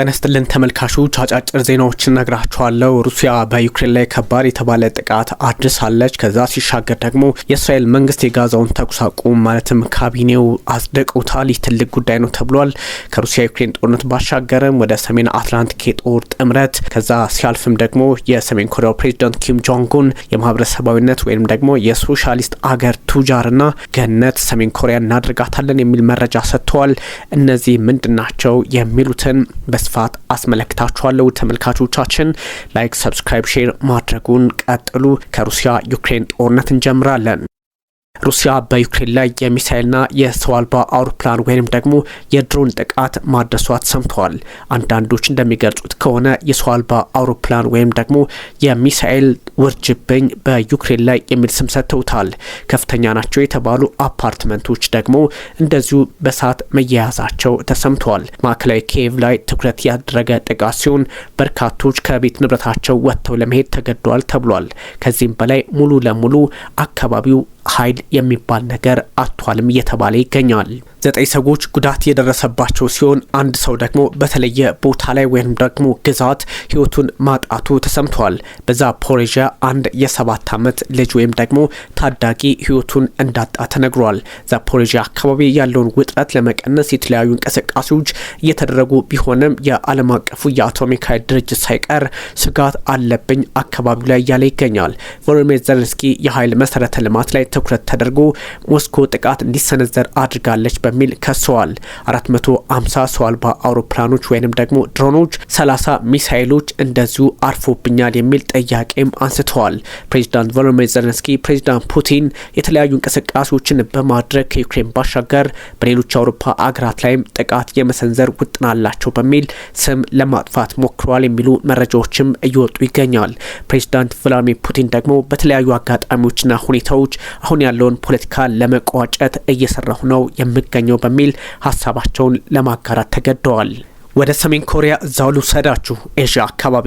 ጤና ይስጥልን ተመልካቾች፣ አጫጭር ዜናዎችን ነግራችኋለሁ። ሩሲያ በዩክሬን ላይ ከባድ የተባለ ጥቃት አድርሳለች። ከዛ ሲሻገር ደግሞ የእስራኤል መንግስት የጋዛውን ተኩስ አቁም ማለትም ካቢኔው አጽድቀውታል። ይህ ትልቅ ጉዳይ ነው ተብሏል። ከሩሲያ ዩክሬን ጦርነት ባሻገርም ወደ ሰሜን አትላንቲክ የጦር ጥምረት ከዛ ሲያልፍም ደግሞ የሰሜን ኮሪያው ፕሬዚዳንት ኪም ጆንግ ኡን የማህበረሰባዊነት ወይም ደግሞ የሶሻሊስት አገር ቱጃርና ገነት ሰሜን ኮሪያ እናደርጋታለን የሚል መረጃ ሰጥተዋል። እነዚህ ምንድን ናቸው የሚሉትን በስ በስፋት አስመለክታችኋለሁ። ተመልካቾቻችን ላይክ፣ ሰብስክራይብ፣ ሼር ማድረጉን ቀጥሉ። ከሩሲያ ዩክሬን ጦርነት እንጀምራለን። ሩሲያ በዩክሬን ላይ የሚሳይልና የሰው አልባ አውሮፕላን ወይም ደግሞ የድሮን ጥቃት ማድረሷ ተሰምተዋል። አንዳንዶች እንደሚገልጹት ከሆነ የሰው አልባ አውሮፕላን ወይም ደግሞ የሚሳኤል ውርጅብኝ በዩክሬን ላይ የሚል ስም ሰጥተውታል። ከፍተኛ ናቸው የተባሉ አፓርትመንቶች ደግሞ እንደዚሁ በእሳት መያያዛቸው ተሰምተዋል። ማዕከላዊ ኪየቭ ላይ ትኩረት ያደረገ ጥቃት ሲሆን በርካቶች ከቤት ንብረታቸው ወጥተው ለመሄድ ተገደዋል ተብሏል። ከዚህም በላይ ሙሉ ለሙሉ አካባቢው ኃይል የሚባል ነገር አጥቷልም እየተባለ ይገኛል። ዘጠኝ ሰዎች ጉዳት የደረሰባቸው ሲሆን አንድ ሰው ደግሞ በተለየ ቦታ ላይ ወይም ደግሞ ግዛት ህይወቱን ማጣቱ ተሰምቷል። በዛፖሬዥያ አንድ የሰባት ዓመት ልጅ ወይም ደግሞ ታዳጊ ህይወቱን እንዳጣ ተነግሯል። ዛፖሬዥያ አካባቢ ያለውን ውጥረት ለመቀነስ የተለያዩ እንቅስቃሴዎች እየተደረጉ ቢሆንም የዓለም አቀፉ የአቶሚክ ኃይል ድርጅት ሳይቀር ስጋት አለብኝ አካባቢው ላይ እያለ ይገኛል። ቮሎሜር ዘለንስኪ የኃይል መሰረተ ልማት ላይ ትኩረት ተደርጎ ሞስኮ ጥቃት እንዲሰነዘር አድርጋለች በሚል ከሰዋል። 450 ሰው አልባ አውሮፕላኖች ወይንም ደግሞ ድሮኖች፣ 30 ሚሳይሎች እንደዚሁ አርፎብኛል የሚል ጥያቄም አንስተዋል። ፕሬዚዳንት ቮሎዲሚር ዘለንስኪ ፕሬዚዳንት ፑቲን የተለያዩ እንቅስቃሴዎችን በማድረግ ከዩክሬን ባሻገር በሌሎች አውሮፓ አገራት ላይም ጥቃት የመሰንዘር ውጥናላቸው በሚል ስም ለማጥፋት ሞክረዋል የሚሉ መረጃዎችም እየወጡ ይገኛል። ፕሬዚዳንት ቭላድሚር ፑቲን ደግሞ በተለያዩ አጋጣሚዎችና ሁኔታዎች አሁን ያለውን ፖለቲካ ለመቋጨት እየሰራሁ ነው የምገኘው በሚል ሀሳባቸውን ለማጋራት ተገደዋል። ወደ ሰሜን ኮሪያ እዛው ልውሰዳችሁ። ኤዥያ አካባቢ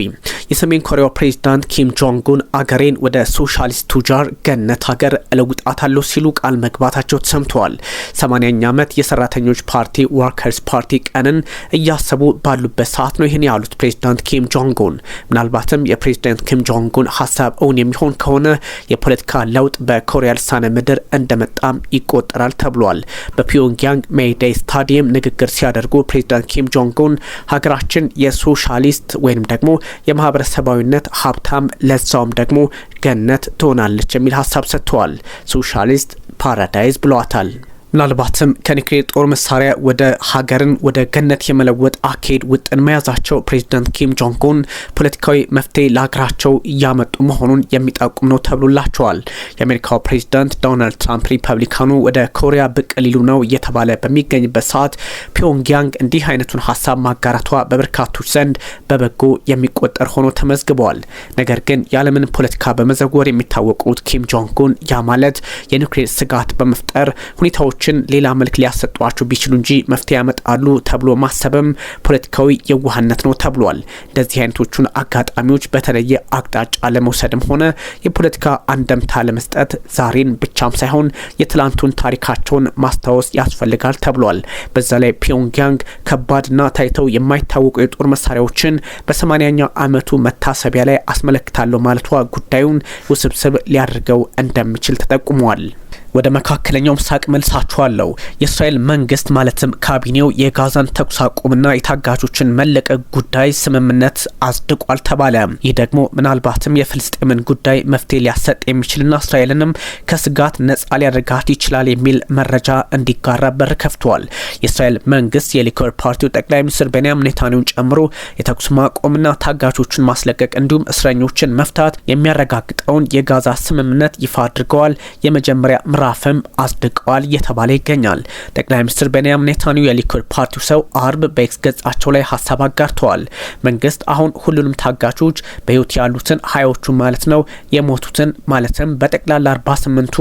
የሰሜን ኮሪያው ፕሬዚዳንት ኪም ኡን አገሬን ወደ ሶሻሊስት ቱጃር ገነት ሀገር እለውጣታለሁ ሲሉ ቃል መግባታቸው ተሰምተዋል። 80ኛ ዓመት የሰራተኞች ፓርቲ ዋርከርስ ፓርቲ ቀንን እያሰቡ ባሉበት ሰዓት ነው ይህን ያሉት ፕሬዚዳንት ኪም ኡን ምናልባትም የፕሬዚዳንት ኪም ኡን ሀሳብ እውን የሚሆን ከሆነ የፖለቲካ ለውጥ በኮሪያ ልሳነ ምድር እንደመጣም ይቆጠራል ተብሏል። በፒዮንግያንግ ሜይዴይ ስታዲየም ንግግር ሲያደርጉ ፕሬዚዳንት ኪም ጆንጉን ሀገራችን የሶሻሊስት ወይንም ደግሞ የማህበረ ማህበረሰባዊነት ሀብታም ለዛውም ደግሞ ገነት ትሆናለች የሚል ሀሳብ ሰጥተዋል። ሶሻሊስት ፓራዳይዝ ብሏታል። ምናልባትም ከኒክሌር ጦር መሳሪያ ወደ ሀገርን ወደ ገነት የመለወጥ አካሄድ ውጥን መያዛቸው ፕሬዚደንት ኪም ጆንግ ኡን ፖለቲካዊ መፍትሄ ለሀገራቸው እያመጡ መሆኑን የሚጠቁም ነው ተብሎላቸዋል። የአሜሪካው ፕሬዚደንት ዶናልድ ትራምፕ ሪፐብሊካኑ ወደ ኮሪያ ብቅ ሊሉ ነው እየተባለ በሚገኝበት ሰዓት ፒዮንግያንግ እንዲህ አይነቱን ሀሳብ ማጋራቷ በበርካቶች ዘንድ በበጎ የሚቆጠር ሆኖ ተመዝግበዋል። ነገር ግን የዓለምን ፖለቲካ በመዘወር የሚታወቁት ኪም ጆንግ ኡን ያ ማለት የኒክሌር ስጋት በመፍጠር ሁኔታዎች ነገሮችን ሌላ መልክ ሊያሰጧቸው ቢችሉ እንጂ መፍትሄ ያመጣሉ ተብሎ ማሰብም ፖለቲካዊ የዋህነት ነው ተብሏል። እንደዚህ አይነቶቹን አጋጣሚዎች በተለየ አቅጣጫ ለመውሰድም ሆነ የፖለቲካ አንደምታ ለመስጠት ዛሬን ብቻም ሳይሆን የትላንቱን ታሪካቸውን ማስታወስ ያስፈልጋል ተብሏል። በዛ ላይ ፒዮንግያንግ ከባድና ታይተው የማይታወቁ የጦር መሳሪያዎችን በሰማንያኛው አመቱ መታሰቢያ ላይ አስመለክታለሁ ማለቷ ጉዳዩን ውስብስብ ሊያደርገው እንደሚችል ተጠቁሟል። ወደ መካከለኛው ምስራቅ መልሳችኋለሁ። የእስራኤል መንግስት ማለትም ካቢኔው የጋዛን ተኩስ አቁምና የታጋቾችን መለቀቅ ጉዳይ ስምምነት አጽድቋል ተባለ። ይህ ደግሞ ምናልባትም የፍልስጤምን ጉዳይ መፍትሄ ሊያሰጥ የሚችልና እስራኤልንም ከስጋት ነጻ ሊያደርጋት ይችላል የሚል መረጃ እንዲጋራ በር ከፍቷል። የእስራኤል መንግስት የሊኮር ፓርቲው ጠቅላይ ሚኒስትር ቤንያም ኔታንያሁን ጨምሮ የተኩስ ማቆምና ታጋቾችን ማስለቀቅ እንዲሁም እስረኞችን መፍታት የሚያረጋግጠውን የጋዛ ስምምነት ይፋ አድርገዋል። የመጀመሪያ በራፍም አጽድቀዋል እየተባለ ይገኛል። ጠቅላይ ሚኒስትር ቤንያም ኔታንያሁ የሊኩድ ፓርቲው ሰው አርብ በኤክስ ገጻቸው ላይ ሀሳብ አጋርተዋል። መንግስት አሁን ሁሉንም ታጋቾች በህይወት ያሉትን ሀያዎቹ ማለት ነው የሞቱትን ማለትም በጠቅላላ አርባ ስምንቱ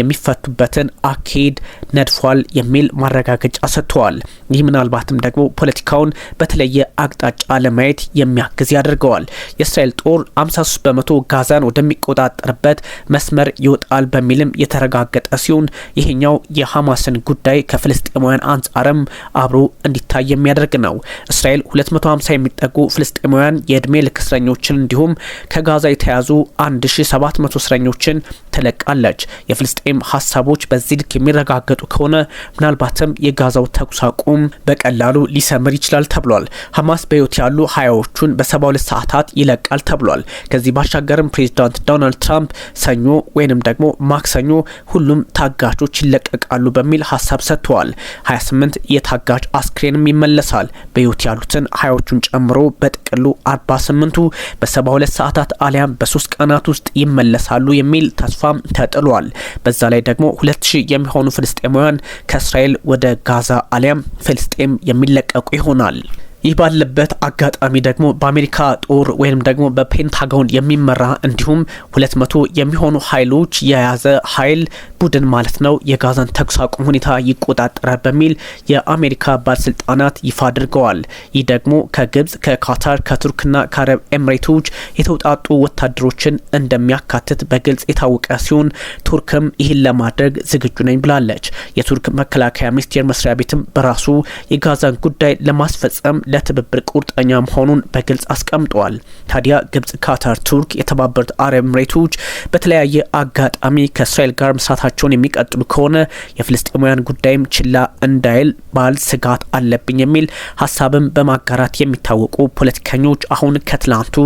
የሚፈቱበትን አካሄድ ነድፏል የሚል ማረጋገጫ ሰጥተዋል። ይህ ምናልባትም ደግሞ ፖለቲካውን በተለየ አቅጣጫ ለማየት የሚያግዝ ያደርገዋል። የእስራኤል ጦር 53 በመቶ ጋዛን ወደሚቆጣጠርበት መስመር ይወጣል በሚልም የተረጋገጠ ያረጋገጠ ሲሆን ይሄኛው የሐማስን ጉዳይ ከፍልስጤማውያን አንጻርም አብሮ እንዲታይ የሚያደርግ ነው። እስራኤል 250 የሚጠጉ ፍልስጤማውያን የዕድሜ ልክ እስረኞችን እንዲሁም ከጋዛ የተያዙ 1700 እስረኞችን ትለቃለች። የፍልስጤም ሀሳቦች በዚህ ልክ የሚረጋገጡ ከሆነ ምናልባትም የጋዛው ተኩስ አቁም በቀላሉ ሊሰምር ይችላል ተብሏል። ሐማስ በሕይወት ያሉ ሀያዎቹን በ72 ሰዓታት ይለቃል ተብሏል። ከዚህ ባሻገርም ፕሬዚዳንት ዶናልድ ትራምፕ ሰኞ ወይንም ደግሞ ማክሰኞ ሁሉ ሁሉም ታጋቾች ይለቀቃሉ በሚል ሀሳብ ሰጥተዋል። 28 የታጋጅ አስክሬንም ይመለሳል። በህይወት ያሉትን ሀያዎቹን ጨምሮ በጥቅሉ 48ቱ በ72 ሰዓታት አሊያም በሶስት ቀናት ውስጥ ይመለሳሉ የሚል ተስፋም ተጥሏል። በዛ ላይ ደግሞ 2000 የሚሆኑ ፍልስጤማውያን ከእስራኤል ወደ ጋዛ አሊያም ፍልስጤም የሚለቀቁ ይሆናል። ይህ ባለበት አጋጣሚ ደግሞ በአሜሪካ ጦር ወይም ደግሞ በፔንታጎን የሚመራ እንዲሁም ሁለት መቶ የሚሆኑ ኃይሎች የያዘ ኃይል ቡድን ማለት ነው የጋዛን ተኩስ አቁም ሁኔታ ይቆጣጠራል በሚል የአሜሪካ ባለስልጣናት ይፋ አድርገዋል። ይህ ደግሞ ከግብጽ፣ ከካታር፣ ከቱርክና ከአረብ ኤምሬቶች የተውጣጡ ወታደሮችን እንደሚያካትት በግልጽ የታወቀ ሲሆን ቱርክም ይህን ለማድረግ ዝግጁ ነኝ ብላለች። የቱርክ መከላከያ ሚኒስቴር መስሪያ ቤትም በራሱ የጋዛን ጉዳይ ለማስፈጸም ለትብብር ቁርጠኛ መሆኑን በግልጽ አስቀምጠዋል። ታዲያ ግብጽ፣ ካታር፣ ቱርክ፣ የተባበሩት አረብ ኤምሬቶች በተለያየ አጋጣሚ ከእስራኤል ጋር መስራታቸውን የሚቀጥሉ ከሆነ የፍልስጤማውያን ጉዳይም ችላ እንዳይል ባል ስጋት አለብኝ የሚል ሀሳብም በማጋራት የሚታወቁ ፖለቲከኞች አሁን ከትላንቱ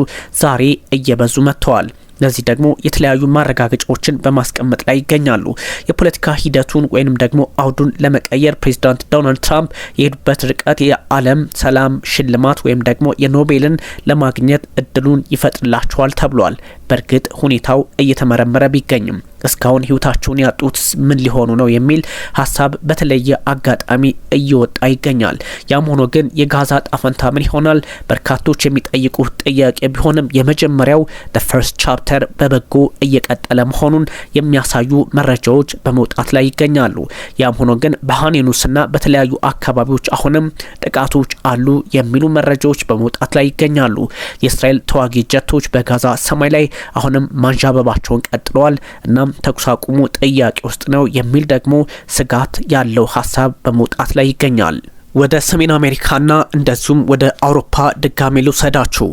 ዛሬ እየበዙ መጥተዋል። ለዚህ ደግሞ የተለያዩ ማረጋገጫዎችን በማስቀመጥ ላይ ይገኛሉ። የፖለቲካ ሂደቱን ወይንም ደግሞ አውዱን ለመቀየር ፕሬዚዳንት ዶናልድ ትራምፕ የሄዱበት ርቀት የዓለም ሰላም ሽልማት ወይም ደግሞ የኖቤልን ለማግኘት እድሉን ይፈጥርላቸዋል ተብሏል። በእርግጥ ሁኔታው እየተመረመረ ቢገኝም እስካሁን ህይወታቸውን ያጡት ምን ሊሆኑ ነው የሚል ሀሳብ በተለየ አጋጣሚ እየወጣ ይገኛል። ያም ሆኖ ግን የጋዛ ጣፈንታ ምን ይሆናል? በርካቶች የሚጠይቁት ጥያቄ ቢሆንም የመጀመሪያው ደ ፈርስት ቻፕተር በበጎ እየቀጠለ መሆኑን የሚያሳዩ መረጃዎች በመውጣት ላይ ይገኛሉ። ያም ሆኖ ግን በሀኔኑስና በተለያዩ አካባቢዎች አሁንም ጥቃቶች አሉ የሚሉ መረጃዎች በመውጣት ላይ ይገኛሉ። የእስራኤል ተዋጊ ጀቶች በጋዛ ሰማይ ላይ አሁንም ማንዣበባቸውን ቀጥለዋል። እናም ተኩስ አቁሙ ጥያቄ ውስጥ ነው የሚል ደግሞ ስጋት ያለው ሀሳብ በመውጣት ላይ ይገኛል። ወደ ሰሜን አሜሪካና እንደዚሁም ወደ አውሮፓ ድጋሜ ልውሰዳችሁ።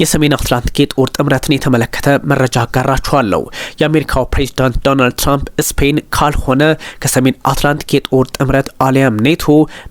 የሰሜን አትላንቲክ የጦር ጥምረትን የተመለከተ መረጃ አጋራችኋለሁ። የአሜሪካው ፕሬዚዳንት ዶናልድ ትራምፕ ስፔን ካልሆነ ከሰሜን አትላንቲክ የጦር ጥምረት አሊያም ኔቶ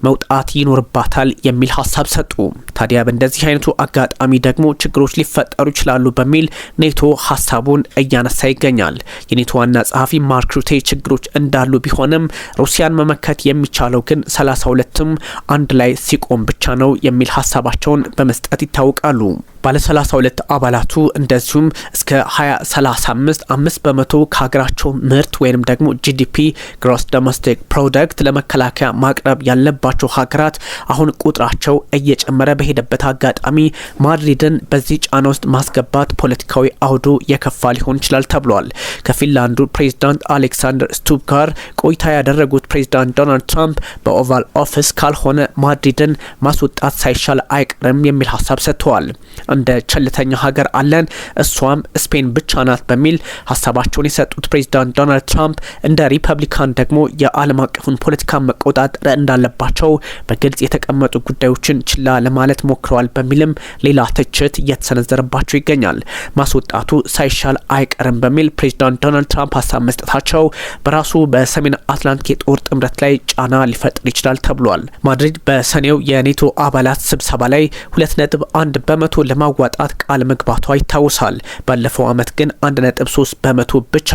መውጣት ይኖርባታል የሚል ሀሳብ ሰጡ። ታዲያ በእንደዚህ አይነቱ አጋጣሚ ደግሞ ችግሮች ሊፈጠሩ ይችላሉ በሚል ኔቶ ሀሳቡን እያነሳ ይገኛል። የኔቶ ዋና ጸሐፊ ማርክ ሩቴ ችግሮች እንዳሉ ቢሆንም ሩሲያን መመከት የሚቻለው ግን ሰላሳ ሁለትም አንድ ላይ ሲቆም ብቻ ነው የሚል ሀሳባቸውን በመስጠት ይታወቃሉ። ባለ 32 አባላቱ እንደዚሁም እስከ 2035 አምስት በመቶ ከሀገራቸው ምርት ወይም ደግሞ ጂዲፒ ግሮስ ዶሜስቲክ ፕሮደክት ለመከላከያ ማቅረብ ያለባቸው ሀገራት አሁን ቁጥራቸው እየጨመረ በሄደበት አጋጣሚ ማድሪድን በዚህ ጫና ውስጥ ማስገባት ፖለቲካዊ አውዱ የከፋ ሊሆን ይችላል ተብሏል። ከፊንላንዱ ፕሬዚዳንት አሌክሳንደር ስቱብ ጋር ቆይታ ያደረጉት ፕሬዚዳንት ዶናልድ ትራምፕ በኦቫል ኦፊስ ካልሆነ ማድሪድን ማስወጣት ሳይሻል አይቀርም የሚል ሀሳብ ሰጥተዋል። እንደ ቸልተኛ ሀገር አለን፣ እሷም ስፔን ብቻ ናት በሚል ሀሳባቸውን የሰጡት ፕሬዚዳንት ዶናልድ ትራምፕ እንደ ሪፐብሊካን ደግሞ የዓለም አቀፉን ፖለቲካ መቆጣጠር እንዳለባቸው በግልጽ የተቀመጡ ጉዳዮችን ችላ ለማለት ሞክረዋል በሚልም ሌላ ትችት እየተሰነዘረባቸው ይገኛል። ማስወጣቱ ሳይሻል አይቀርም በሚል ፕሬዚዳንት ዶናልድ ትራምፕ ሀሳብ መስጠታቸው በራሱ በሰሜን አትላንቲክ የጦር ጥምረት ላይ ጫና ሊፈጥር ይችላል ተብሏል። ማድሪድ በሰኔው የኔቶ አባላት ስብሰባ ላይ ሁለት ነጥብ አንድ በመቶ ለማዋጣት ቃል መግባቷ ይታወሳል። ባለፈው ዓመት ግን 1.3 በመቶ ብቻ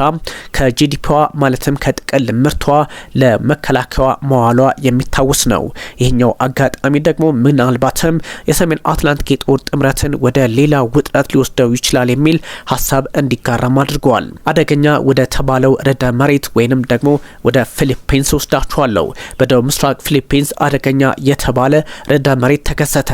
ከጂዲፒዋ ማለትም ከጥቅል ምርቷ ለመከላከያ መዋሏ የሚታወስ ነው። ይህኛው አጋጣሚ ደግሞ ምናልባትም የሰሜን አትላንቲክ የጦር ጥምረትን ወደ ሌላ ውጥረት ሊወስደው ይችላል የሚል ሀሳብ እንዲጋራም አድርገዋል። አደገኛ ወደ ተባለው ርዕደ መሬት ወይንም ደግሞ ወደ ፊሊፒንስ ወስዳችኋለሁ። በደቡብ ምስራቅ ፊሊፒንስ አደገኛ የተባለ ርዕደ መሬት ተከሰተ።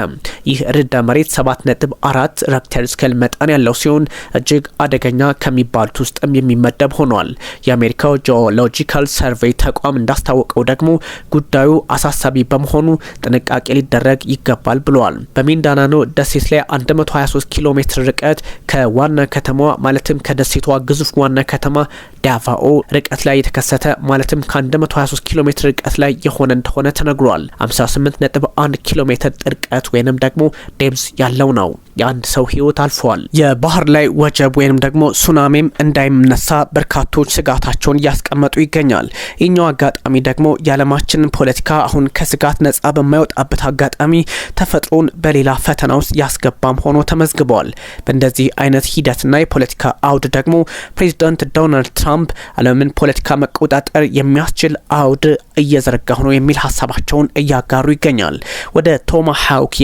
ይህ ርዕደ መሬት ሰባት ነጥብ አራት ሬክተር ስኬል መጠን ያለው ሲሆን እጅግ አደገኛ ከሚባሉት ውስጥም የሚመደብ ሆኗል። የአሜሪካው ጂኦሎጂካል ሰርቬይ ተቋም እንዳስታወቀው ደግሞ ጉዳዩ አሳሳቢ በመሆኑ ጥንቃቄ ሊደረግ ይገባል ብለዋል። በሚንዳናኖ ደሴት ላይ 123 ኪሎ ሜትር ርቀት ከዋና ከተማዋ ማለትም ከደሴቷ ግዙፍ ዋና ከተማ ዳቫኦ ርቀት ላይ የተከሰተ ማለትም ከ123 ኪሎ ሜትር ርቀት ላይ የሆነ እንደሆነ ተነግሯል። 58.1 ኪሎ ሜትር ጥርቀት ወይንም ደግሞ ዴብዝ ያለው ነው። የአንድ ሰው ህይወት አልፏል። የባህር ላይ ወጀብ ወይም ደግሞ ሱናሜም እንዳይነሳ በርካቶች ስጋታቸውን እያስቀመጡ ይገኛል። ይኛው አጋጣሚ ደግሞ የዓለማችንን ፖለቲካ አሁን ከስጋት ነጻ በማይወጣበት አጋጣሚ ተፈጥሮን በሌላ ፈተና ውስጥ ያስገባም ሆኖ ተመዝግቧል። በእንደዚህ አይነት ሂደትና የፖለቲካ አውድ ደግሞ ፕሬዚዳንት ዶናልድ ትራምፕ ዓለምን ፖለቲካ መቆጣጠር የሚያስችል አውድ እየዘረጋ ሆኖ የሚል ሀሳባቸውን እያጋሩ ይገኛል። ወደ ቶማ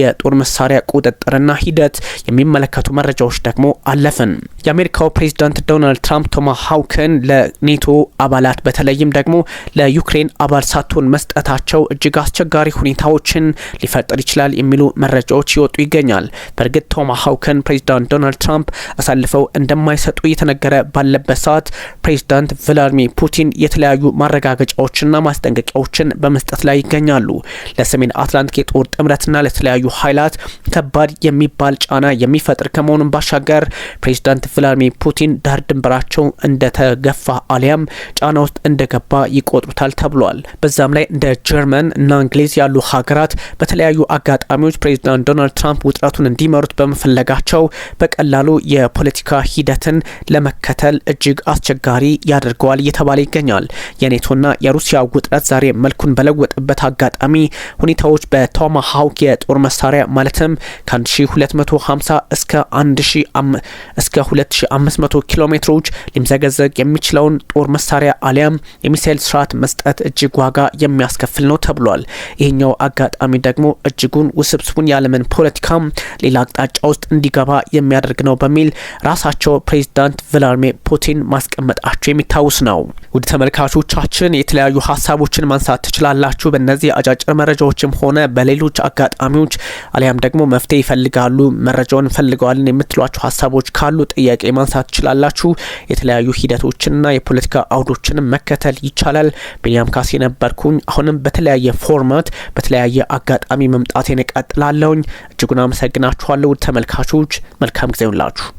የጦር መሳሪያ ቁጥጥርና ሂደት የሚመለከቱ መረጃዎች ደግሞ አለፍን። የአሜሪካው ፕሬዚዳንት ዶናልድ ትራምፕ ቶማሃውክን ለኔቶ አባላት በተለይም ደግሞ ለዩክሬን አባል ሳትሆን መስጠታቸው እጅግ አስቸጋሪ ሁኔታዎችን ሊፈጥር ይችላል የሚሉ መረጃዎች ይወጡ ይገኛል። በእርግጥ ቶማሃውክን ፕሬዚዳንት ዶናልድ ትራምፕ አሳልፈው እንደማይሰጡ እየተነገረ ባለበት ሰዓት ፕሬዚዳንት ቭላዲሚር ፑቲን የተለያዩ ማረጋገጫዎችና ማስጠንቀቂያዎችን በመስጠት ላይ ይገኛሉ። ለሰሜን አትላንቲክ የጦር ጥምረትና ለተለያዩ ኃይላት ከባድ የሚባል ጫ ጫና የሚፈጥር ከመሆኑን ባሻገር ፕሬዚዳንት ቭላድሚር ፑቲን ዳር ድንበራቸው እንደተገፋ አሊያም ጫና ውስጥ እንደገባ ይቆጥሩታል ተብሏል። በዛም ላይ እንደ ጀርመን እና እንግሊዝ ያሉ ሀገራት በተለያዩ አጋጣሚዎች ፕሬዚዳንት ዶናልድ ትራምፕ ውጥረቱን እንዲመሩት በመፈለጋቸው በቀላሉ የፖለቲካ ሂደትን ለመከተል እጅግ አስቸጋሪ ያደርገዋል እየተባለ ይገኛል። የኔቶና የሩሲያ ውጥረት ዛሬ መልኩን በለወጠበት አጋጣሚ ሁኔታዎች በቶማሃውክ የጦር መሳሪያ ማለትም ከ1200 እስከ 1000 እስከ 2500 ኪሎ ሜትሮች ሊምዘገዘግ የሚችለውን ጦር መሳሪያ አሊያም የሚሳኤል ስርዓት መስጠት እጅግ ዋጋ የሚያስከፍል ነው ተብሏል። ይህኛው አጋጣሚ ደግሞ እጅጉን ውስብስቡን የዓለምን ፖለቲካ ሌላ አቅጣጫ ውስጥ እንዲገባ የሚያደርግ ነው በሚል ራሳቸው ፕሬዚዳንት ቭላድሚር ፑቲን ማስቀመጣቸው የሚታወስ ነው። ውድ ተመልካቾቻችን የተለያዩ ሀሳቦችን ማንሳት ትችላላችሁ። በእነዚህ አጫጭር መረጃዎችም ሆነ በሌሎች አጋጣሚዎች አሊያም ደግሞ መፍትሄ ይፈልጋሉ መረጃውን እንፈልገዋለን የምትሏቸው ሀሳቦች ካሉ ጥያቄ ማንሳት ትችላላችሁ። የተለያዩ ሂደቶችንና የፖለቲካ አውዶችንም መከተል ይቻላል። ቢኒያም ካሴ ነበርኩኝ። አሁንም በተለያየ ፎርማት በተለያየ አጋጣሚ መምጣቴን እቀጥላለሁኝ። እጅጉን አመሰግናችኋለሁ ተመልካቾች፣ መልካም ጊዜ ይሁንላችሁ።